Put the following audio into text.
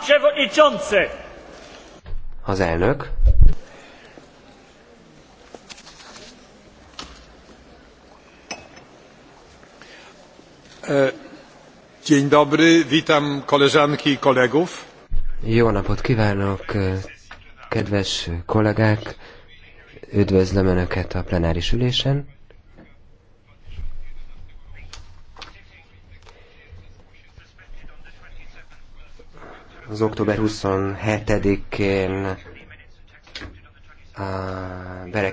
Przewodniczący! Az elnök. E, dzień dobry, witam koleżanki i kolegów. Jó napot kívánok, e, kedves kollégák! Üdvözlöm Önöket a plenáris ülésen. az október 27-én bele